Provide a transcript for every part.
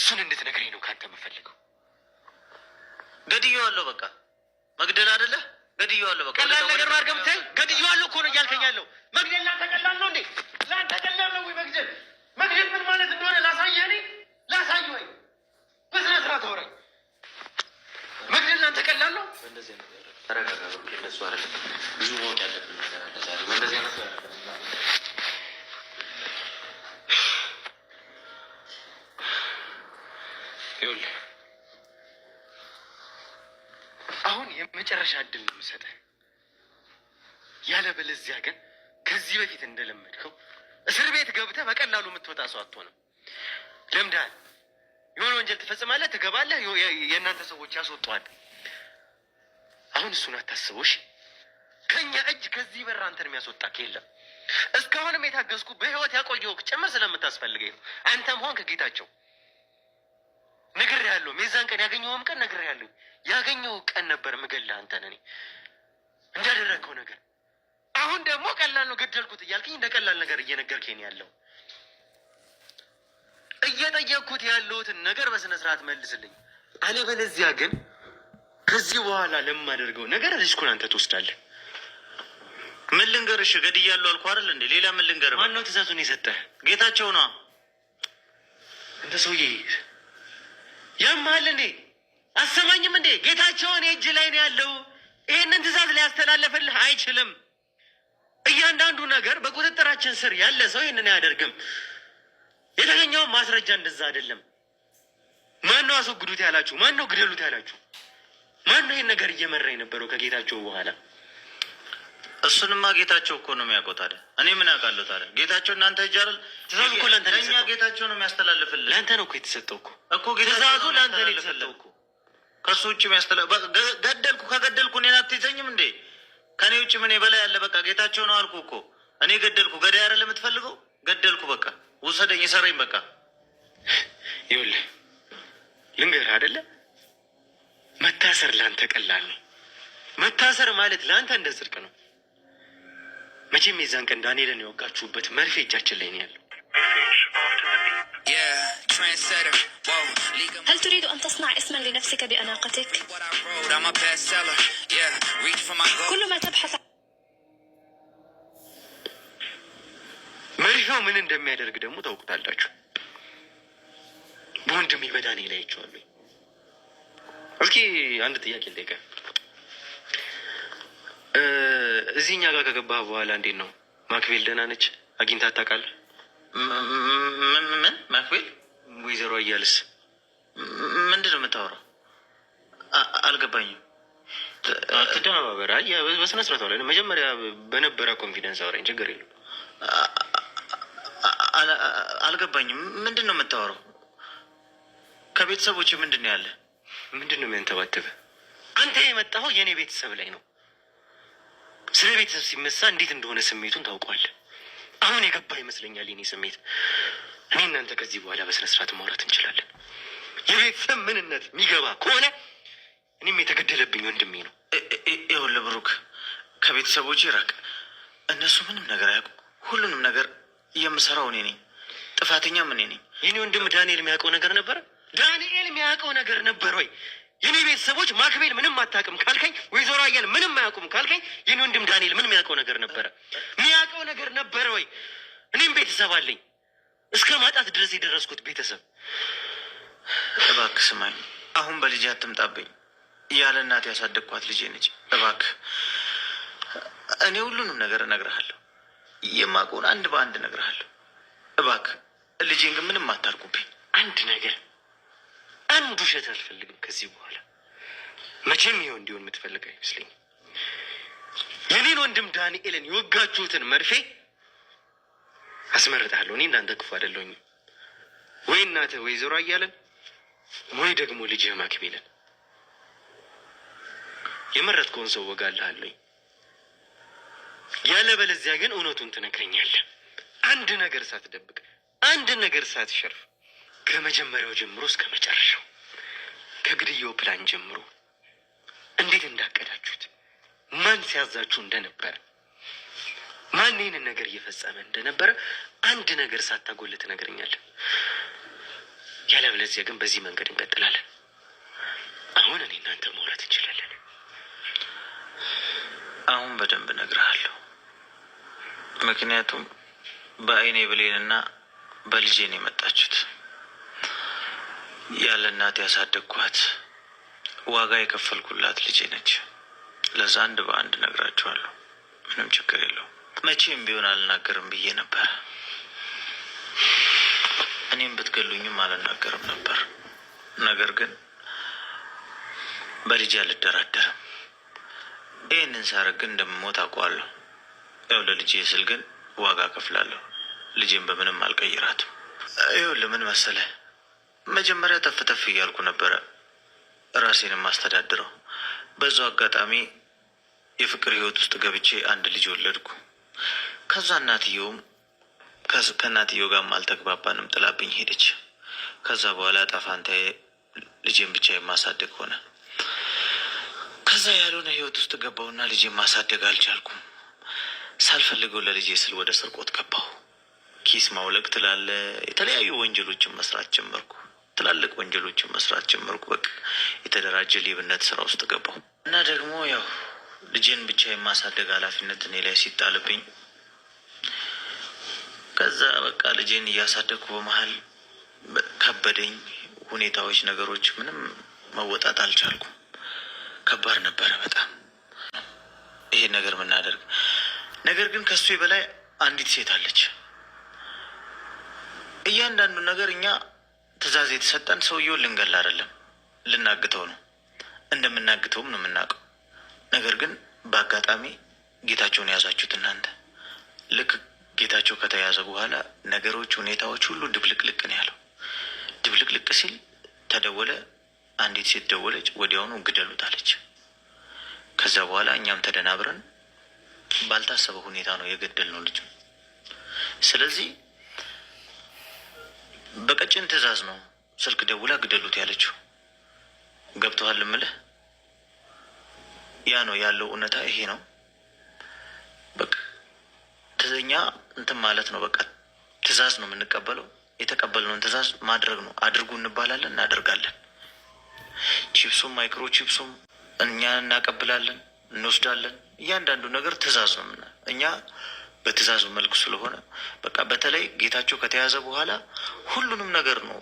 እሱን እንድትነግረኝ ነው ከአንተ የምፈልገው። ገድዬዋለሁ፣ በቃ መግደል አይደለ? ገድዬዋለሁ፣ በቃ ቀላል ነገር ማድረግ የምትይኝ ገድዬዋለሁ እኮ ነው እያልከኝ ያለው። መግደል ላንተ ቀላል ነው እንዴ? ላንተ ቀላል ነው ወይ? መግደል መግደል ምን ማለት እንደሆነ ላሳየህ፣ እኔ ላሳየህ ወይ? በስነ ስርዓት አውራኝ። መግደል ላንተ ቀላል ነው? በእንደዚህ አይነት ነገር ተረጋጋ። እንደሱ አይደለም ብዙ ማወቅ ያለብን ነገር አለ ዛሬ በእንደዚህ አይነት መጨረሻ እድል ነው የምሰጠህ። ያለበለዚያ ግን ከዚህ በፊት እንደለመድከው እስር ቤት ገብተህ በቀላሉ የምትወጣ ሰው አትሆንም። ለምዳል የሆነ ወንጀል ትፈጽማለህ፣ ትገባለህ፣ የእናንተ ሰዎች ያስወጠዋል። አሁን እሱን አታስቦሽ። ከኛ እጅ ከዚህ በር አንተን የሚያስወጣክ የለም። እስካሁንም የታገዝኩ በህይወት ያቆየው ጭምር ስለምታስፈልገኝ ነው። አንተም ሆንክ ጌታቸው ነግሬሃለሁ። የዛን ቀን ያገኘውም ቀን ነግሬሃለሁ። ያገኘው ቀን ነበር ምገላ አንተን እኔ እንዳደረግከው ነገር። አሁን ደግሞ ቀላል ነው ገደልኩት እያልክኝ እንደ ቀላል ነገር እየነገርከኝ ያለው እየጠየቅኩት ያለሁትን ነገር በስነ ስርዓት መልስልኝ። አለበለዚያ ግን ከዚህ በኋላ ለማደርገው ነገር ሪስኩን አንተ ትወስዳለህ። ምን ልንገር? ልንገርሽ? ገድያለሁ አልኩ አይደል እንዴ? ሌላ ምን ልንገር? ማን ነው ትእዛዙን የሰጠህ? ጌታቸው ነዋ። እንደ ሰውዬ ያምሃል እንዴ? አሰማኝም እንዴ ጌታቸውን እጅ ላይ ነው ያለው። ይህንን ትእዛዝ ሊያስተላለፍልህ አይችልም። እያንዳንዱ ነገር በቁጥጥራችን ስር ያለ ሰው ይህንን አያደርግም። የተገኘውን ማስረጃ እንደዛ አይደለም። ማን ነው አስወግዱት ያላችሁ? ማን ነው ግደሉት ያላችሁ? ማን ነው ይህን ነገር እየመራ የነበረው ከጌታቸው በኋላ? እሱንማ ጌታቸው እኮ ነው የሚያውቀው። ታዲያ እኔ ምን አውቃለሁ? ታዲያ ጌታቸው እናንተ እጅ አይደል? ትእዛዙ እኮ ለእኛ ጌታቸው ነው የሚያስተላልፍልን። ለአንተ ነው እኮ የተሰጠው እኮ እኮ ጌታቸው ትእዛዙ ለአንተ ነው የተሰጠው እኮ ከሱ ውጭ ገደልኩ ከገደልኩ እኔን አትይዘኝም እንዴ? ከኔ ውጭ ምን በላይ ያለ? በቃ ጌታቸው ነው አልኩ እኮ እኔ ገደልኩ። ገዳይ አይደል የምትፈልገው? ገደልኩ በቃ ውሰደኝ፣ ይሰረኝ በቃ ይኸውልህ፣ ልንገርህ አይደለ መታሰር ለአንተ ቀላል ነው። መታሰር ማለት ለአንተ እንደ ጽድቅ ነው። መቼም የዛን ቀን ዳንኤልን የወጋችሁበት መርፌ እጃችን ላይ ነው ያለው። هل تريد أن تصنع اسما لنفسك بأناقتك؟ كل ما تبحث መርዣው ምን እንደሚያደርግ ደግሞ ታውቁታላችሁ። በወንድም በዳኔ ላይ ይቸዋለሁ። እስኪ አንድ ጥያቄ ልጠይቅህ። እዚህ እኛ ጋር ከገባህ በኋላ እንዴት ነው ማክቤል? ደህና ነች? አግኝታት ታውቃለህ? ምን ማክቤል ወይዘሮ አያልስ ምንድን ነው የምታወራው? አልገባኝም። አትደነባበር። በስነ ስርዓት ላይ መጀመሪያ በነበረ ኮንፊደንስ አውራኝ፣ ችግር የለም። አልገባኝም። ምንድን ነው የምታወራው? ከቤተሰቦች ምንድን ነው ያለ? ምንድን ነው የሚያንተባትበ? አንተ የመጣኸው የእኔ ቤተሰብ ላይ ነው። ስለ ቤተሰብ ሲመሳ እንዴት እንደሆነ ስሜቱን ታውቋል። አሁን የገባ ይመስለኛል የኔ ስሜት እኔ እናንተ ከዚህ በኋላ በስነ ስርዓት ማውራት እንችላለን። የቤተሰብ ምንነት የሚገባ ከሆነ እኔም የተገደለብኝ ወንድሜ ነው። ይኸውልህ ብሩክ፣ ከቤተሰቦች ራቅ። እነሱ ምንም ነገር አያውቁ። ሁሉንም ነገር የምሰራው እኔ ነኝ፣ ጥፋተኛም እኔ ነኝ። የኔ ወንድም ዳንኤል የሚያውቀው ነገር ነበር? ዳንኤል የሚያውቀው ነገር ነበር ወይ? የኔ ቤተሰቦች ማክቤል ምንም አታውቅም ካልከኝ፣ ወይዘሮ አያል ምንም አያውቁም ካልከኝ፣ የኔ ወንድም ዳንኤል ምን የሚያውቀው ነገር ነበረ? የሚያውቀው ነገር ነበረ ወይ? እኔም ቤተሰብ አለኝ። እስከ ማጣት ድረስ የደረስኩት ቤተሰብ። እባክህ ስማኝ፣ አሁን በልጄ አትምጣብኝ። ያለ እናት ያሳደግኳት ልጄ ነች። እባክህ እኔ ሁሉንም ነገር እነግርሃለሁ፣ የማውቀውን አንድ በአንድ እነግርሃለሁ። እባክህ ልጄን ግን ምንም አታርጉብኝ። አንድ ነገር፣ አንድ ውሸት አልፈልግም ከዚህ በኋላ መቼም ይኸው እንዲሆን የምትፈልግ አይመስለኝም። የኔን ወንድም ዳንኤልን የወጋችሁትን መርፌ አስመርጣለሁ። እኔ እንዳንተ ክፉ አይደለሁኝ። ወይ እናተ ወይዘሮ አያለን ወይ ደግሞ ልጅ ማክቤለን የመረጥከውን ሰው ወጋልሃለኝ። ያለበለዚያ ግን እውነቱን ትነግረኛለህ። አንድ ነገር ሳትደብቅ፣ አንድ ነገር ሳትሸርፍ፣ ከመጀመሪያው ጀምሮ እስከ መጨረሻው ከግድያው ፕላን ጀምሮ እንዴት እንዳቀዳችሁት፣ ማን ሲያዛችሁ እንደነበረ ማን ይህንን ነገር እየፈጸመ እንደነበረ አንድ ነገር ሳታጎል ትነግረኛለህ። ያለበለዚያ ግን በዚህ መንገድ እንቀጥላለን። አሁን እኔ እናንተ ማውራት እንችላለን። አሁን በደንብ እነግርሃለሁ። ምክንያቱም በአይኔ ብሌንና በልጄን የመጣችሁት ያለ እናት ያሳደግኳት ዋጋ የከፈልኩላት ልጄ ነች። ለዛ አንድ በአንድ ነግራችኋለሁ። ምንም ችግር የለውም። መቼም ቢሆን አልናገርም ብዬ ነበር። እኔም ብትገሉኝም አልናገርም ነበር። ነገር ግን በልጅ አልደራደርም። ይህንን ሳረግ ግን እንደምሞት አውቀዋለሁ። ያው ለልጄ ስል ግን ዋጋ ከፍላለሁ። ልጄን በምንም አልቀይራትም። ይው ለምን መሰለ መጀመሪያ ተፍ ተፍ እያልኩ ነበረ ራሴንም አስተዳድረው። በዛው አጋጣሚ የፍቅር ህይወት ውስጥ ገብቼ አንድ ልጅ ወለድኩ። ከዛ እናትየውም ከእናትየው ጋርም አልተግባባንም፣ ጥላብኝ ሄደች። ከዛ በኋላ ጠፋንተ ልጄን ብቻ የማሳደግ ሆነ። ከዛ ያልሆነ ህይወት ውስጥ ገባውና ልጄን ማሳደግ አልቻልኩም። ሳልፈልገው ለልጄ ስል ወደ ስርቆት ገባሁ። ኪስ ማውለቅ ትላለ፣ የተለያዩ ወንጀሎችን መስራት ጀመርኩ። ትላልቅ ወንጀሎችን መስራት ጀመርኩ። በቃ የተደራጀ ሌብነት ስራ ውስጥ ገባሁ እና ደግሞ ያው ልጄን ብቻ የማሳደግ ኃላፊነት እኔ ላይ ሲጣልብኝ ከዛ በቃ ልጄን እያሳደግኩ በመሀል ከበደኝ። ሁኔታዎች፣ ነገሮች ምንም መወጣት አልቻልኩም። ከባድ ነበረ በጣም ይሄ ነገር ምናደርግ ነገር ግን ከሱ በላይ አንዲት ሴት አለች። እያንዳንዱ ነገር እኛ ትዕዛዝ የተሰጠን ሰውየውን ልንገል አይደለም፣ ልናግተው ነው። እንደምናግተውም ነው የምናውቀው። ነገር ግን በአጋጣሚ ጌታቸውን የያዛችሁት እናንተ። ልክ ጌታቸው ከተያዘ በኋላ ነገሮች፣ ሁኔታዎች ሁሉ ድብልቅልቅ ነው ያለው። ድብልቅልቅ ሲል ተደወለ። አንዲት ሴት ደወለች፣ ወዲያውኑ ግደሉት አለች። ከዛ በኋላ እኛም ተደናብረን ባልታሰበ ሁኔታ ነው የገደልነው ልጅ። ስለዚህ በቀጭን ትዕዛዝ ነው ስልክ ደውላ ግደሉት ያለችው። ገብተዋል ምልህ ያ ነው ያለው እውነታ ይሄ ነው። በቃ ትዘኛ እንትን ማለት ነው። በቃ ትዛዝ ነው የምንቀበለው። የተቀበልነውን ትዛዝ ማድረግ ነው። አድርጉ እንባላለን፣ እናደርጋለን። ቺፕሱም ማይክሮ ቺፕሱም እኛ እናቀብላለን፣ እንወስዳለን። እያንዳንዱ ነገር ትእዛዝ ነው ምና እኛ በትእዛዙ መልክ ስለሆነ በቃ በተለይ ጌታቸው ከተያዘ በኋላ ሁሉንም ነገር ነው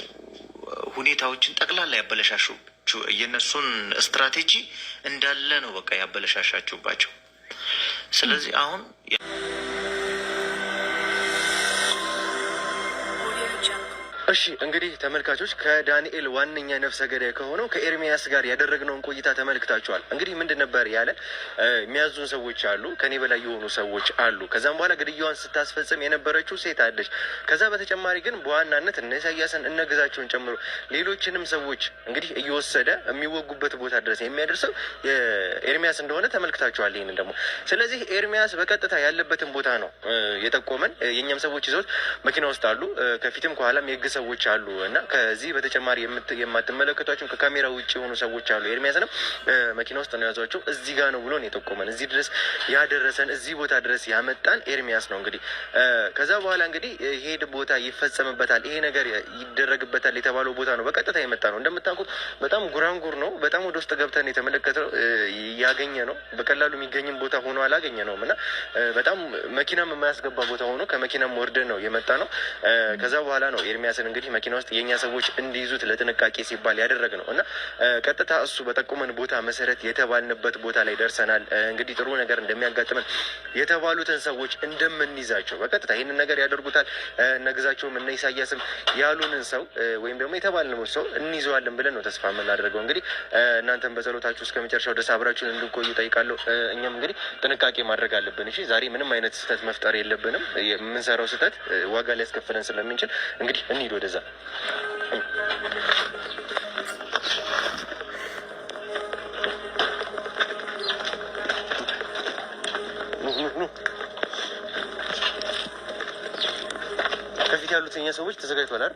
ሁኔታዎችን ጠቅላላ ያበለሻሹብን። የእነሱን ስትራቴጂ እንዳለ ነው በቃ ያበለሻሻችሁባቸው። ስለዚህ አሁን እሺ እንግዲህ ተመልካቾች ከዳንኤል ዋነኛ ነፍሰ ገዳይ ከሆነው ከኤርሚያስ ጋር ያደረግነውን ቆይታ ተመልክታችኋል። እንግዲህ ምንድን ነበር ያለ የሚያዙን ሰዎች አሉ፣ ከኔ በላይ የሆኑ ሰዎች አሉ። ከዛም በኋላ ግድያዋን ስታስፈጽም የነበረችው ሴት አለች። ከዛ በተጨማሪ ግን በዋናነት እነ ኢሳያስን እነ ግዛቸውን ጨምሮ ሌሎችንም ሰዎች እንግዲህ እየወሰደ የሚወጉበት ቦታ ድረስ የሚያደርሰው ኤርሚያስ እንደሆነ ተመልክታችኋል። ይህንን ደግሞ ስለዚህ ኤርሚያስ በቀጥታ ያለበትን ቦታ ነው የጠቆመን። የእኛም ሰዎች ይዞት መኪና ውስጥ አሉ። ከፊትም ከኋላም የግሰ ሰዎች አሉ እና ከዚህ በተጨማሪ የማትመለከቷቸው ከካሜራ ውጭ የሆኑ ሰዎች አሉ። ነው መኪና ውስጥ ነው ያዟቸው። እዚህ ጋር ነው ብሎን የጠቆመን እዚህ ድረስ ያደረሰን እዚህ ቦታ ድረስ ያመጣን ኤርሚያስ ነው። እንግዲህ ከዛ በኋላ እንግዲህ ይሄ ቦታ ይፈጸምበታል፣ ይሄ ነገር ይደረግበታል የተባለው ቦታ ነው በቀጥታ የመጣ ነው። እንደምታውቁት በጣም ጉራንጉር ነው። በጣም ወደ ውስጥ ገብተን የተመለከተው ያገኘ ነው። በቀላሉ የሚገኝም ቦታ ሆኖ አላገኘ ነውም እና በጣም መኪናም የማያስገባ ቦታ ሆኖ ከመኪናም ወርደን ነው የመጣ ነው። ከዛ በኋላ ነው ኤርሚያስን እንግዲህ መኪና ውስጥ የእኛ ሰዎች እንዲይዙት ለጥንቃቄ ሲባል ያደረግ ነው እና ቀጥታ እሱ በጠቆመን ቦታ መሰረት የተባልንበት ቦታ ላይ ደርሰናል። እንግዲህ ጥሩ ነገር እንደሚያጋጥመን የተባሉትን ሰዎች እንደምንይዛቸው በቀጥታ ይህንን ነገር ያደርጉታል። እነግዛቸውም እነ ኢሳያስም ያሉንን ሰው ወይም ደግሞ የተባልነውን ሰው እንይዘዋለን ብለን ነው ተስፋ የምናደርገው። እንግዲህ እናንተም በጸሎታችሁ እስከ መጨረሻው ድረስ አብራችሁን እንድንቆዩ ጠይቃለሁ። እኛም እንግዲህ ጥንቃቄ ማድረግ አለብን። እሺ፣ ዛሬ ምንም አይነት ስህተት መፍጠር የለብንም። የምንሰራው ስህተት ዋጋ ሊያስከፍለን ስለምንችል እንግዲህ እንሂድ። ወደዛ ከፊት ያሉት እኛ ሰዎች ተዘጋጅቷል አይደል?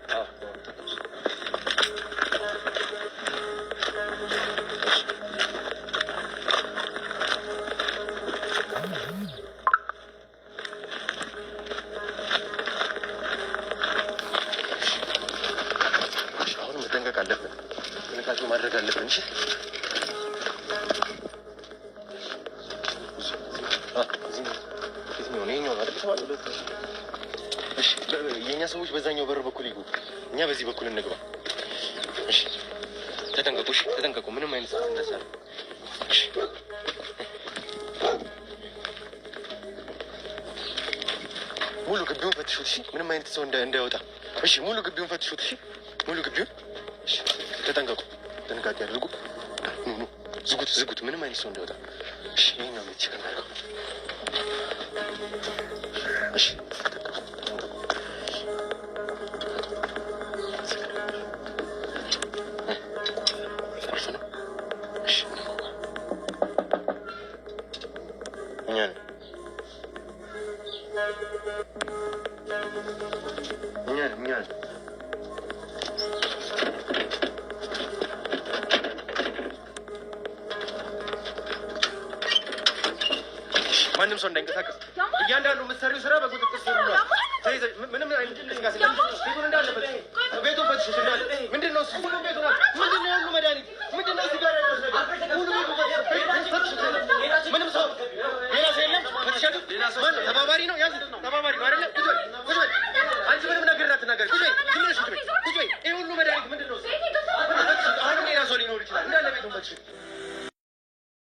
ሰምተዋል። የእኛ ሰዎች በዛኛው በር በኩል ይጉ፣ እኛ በዚህ በኩል እንግባ። እሺ፣ ተጠንቀቁ። እሺ፣ ተጠንቀቁ። ምንም አይነት ሰዓት እንዳሰራ። ሙሉ ግቢውን ፈትሹት። እሺ፣ ምንም አይነት ሰው እንዳይወጣ። እሺ፣ ሙሉ ግቢውን ፈትሹት። እሺ፣ ሙሉ ግቢውን። እሺ፣ ተጠንቀቁ፣ ጥንቃቄ አድርጉ። ኑ ኑ፣ ዝጉት፣ ዝጉት፣ ምንም አይነት ሰው እንዳይወጣ። እሺ፣ ይሄኛው ቤት ችግር Minyan. Minyan, minyan. ማንም ሰው እንዳይንቀሳቀስ እያንዳንዱ የምትሰሪው ስራ በቁጥጥር ስር ነው። ምንም አይነት እንቅስቃሴ እንዳለበት ቤቱን ፈትሽ እንዳለ ምንድን ነው